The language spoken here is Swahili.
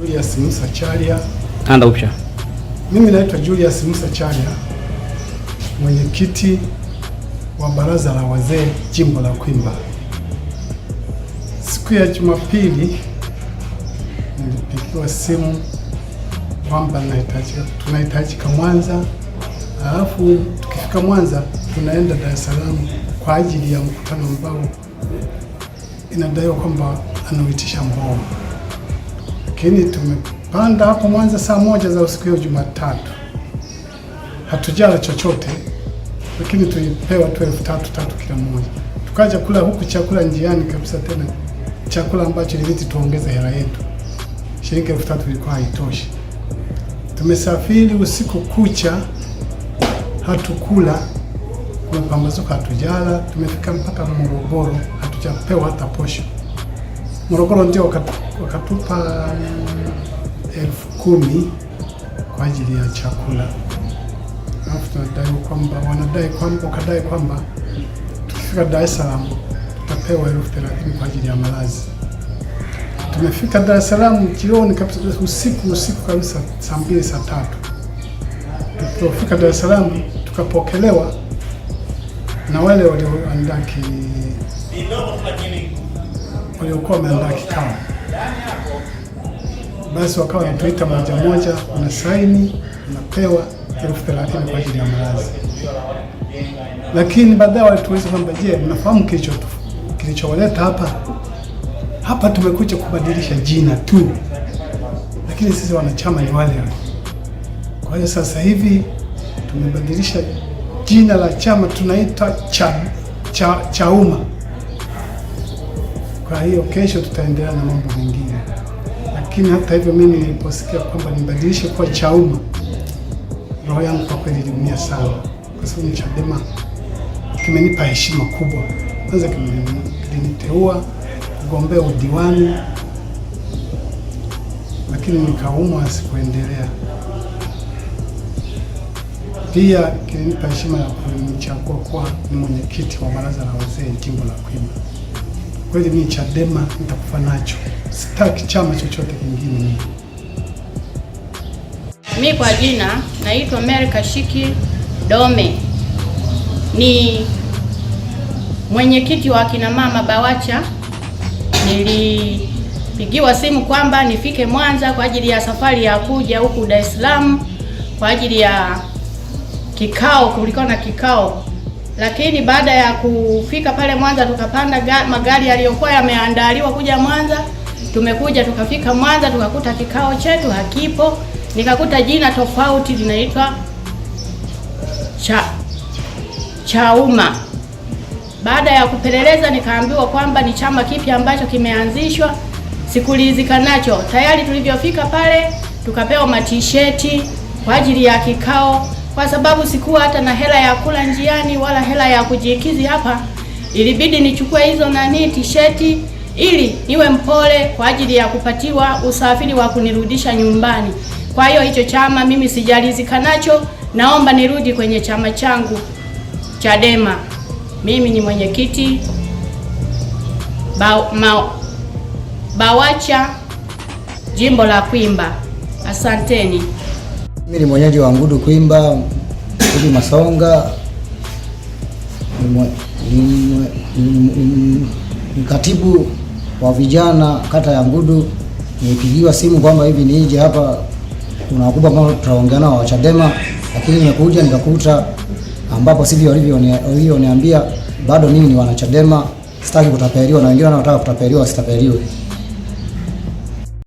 Julius Musa Chalia. Anda upya. Mimi naitwa Julius Musa Chalia, mwenyekiti wa baraza la wazee jimbo la Kwimba. Siku ya Jumapili nilipigiwa simu kwamba tunahitajika Mwanza, alafu tukifika Mwanza tunaenda Dar es Salaam kwa ajili ya mkutano ambao inadaiwa kwamba anauitisha Mboma lakini tumepanda hapo Mwanza saa moja za usiku ya Jumatatu, hatujala chochote, lakini tulipewa tu elfu tatu tatu kila mmoja. Tukaja kula huku chakula njiani kabisa, tena chakula ambacho ilibidi tuongeze hela yetu, shilingi elfu tatu ilikuwa haitoshi. Tumesafiri usiku kucha, hatukula kumepambazuka, hatujala. Tumefika mpaka Morogoro, hatujapewa hata posho. Morogoro ndio wakatupa elfu kumi kwa ajili ya chakula, alafu tunadai kwamba wanadai kwamba wakadai kwamba tukifika Dar es Salaam tutapewa elfu thelathini kwa ajili ya malazi. Tumefika Dar es Salaam jioni kabisa, usiku usiku kabisa, saa mbili saa tatu tulipofika Dar es Salaam tukapokelewa na wale walioandaki waliokuwa wameandaa kikao. Basi wakawa wanatuita moja moja, una saini unapewa elfu thelathini kwa ajili ya malazi. Lakini baadaye walituuliza kwamba je, mnafahamu kilicho kilichowaleta hapa? Hapa tumekuja kubadilisha jina tu, lakini sisi wanachama ni wale wale. Kwa hiyo sasa hivi tumebadilisha jina la chama tunaita cha, cha, Chauma kwa hiyo kesho tutaendelea na mambo mengine, lakini hata hivyo, mimi niliposikia kwamba nibadilishe kuwa Chauma, roho yangu kwa kweli iliumia sana, kwa sababu Chadema kimenipa heshima kubwa. Kwanza kiliniteua kugombea udiwani, lakini nikaumwa, sikuendelea. Pia kilinipa heshima ya kunichagua kuwa ni mwenyekiti wa baraza la wazee jimbo la kwima kweli mimi Chadema nitakufa nacho, sitaki chama chochote kingine. Mimi kwa jina naitwa Mary Kashiki Dome, ni mwenyekiti wa kina mama Bawacha. Nilipigiwa simu kwamba nifike Mwanza kwa ajili ya safari ya kuja huku Dar es Salaam kwa ajili ya kikao, kulikuwa na kikao lakini baada ya kufika pale Mwanza tukapanda magari yaliyokuwa yameandaliwa kuja Mwanza. Tumekuja tukafika Mwanza tukakuta kikao chetu hakipo, nikakuta jina tofauti linaitwa cha Chauma. Baada ya kupeleleza nikaambiwa kwamba ni chama kipya ambacho kimeanzishwa, sikulizika nacho. Tayari tulivyofika pale tukapewa matisheti kwa ajili ya kikao kwa sababu sikuwa hata na hela ya kula njiani wala hela ya kujikizi hapa. Ilibidi nichukue hizo nani tisheti ili niwe mpole kwa ajili ya kupatiwa usafiri wa kunirudisha nyumbani. Kwa hiyo hicho chama mimi sijalizika nacho, naomba nirudi kwenye chama changu Chadema. Mimi ni mwenyekiti ba, BAWACHA jimbo la Kwimba. Asanteni. Mimi ni mwenyeji wa Ngudu Kwimba, Ngudu Masonga, ni katibu wa vijana kata ya Ngudu. Nipigiwa simu kwamba hivi nije hapa, kuna wakubwa ambao tutaongea nao wa Chadema, lakini nimekuja nikakuta ambapo sivyo walivyoniambia. Bado mimi ni wanachadema, sitaki kutapeliwa, na wengine wanaotaka kutapeliwa wasitapeliwe.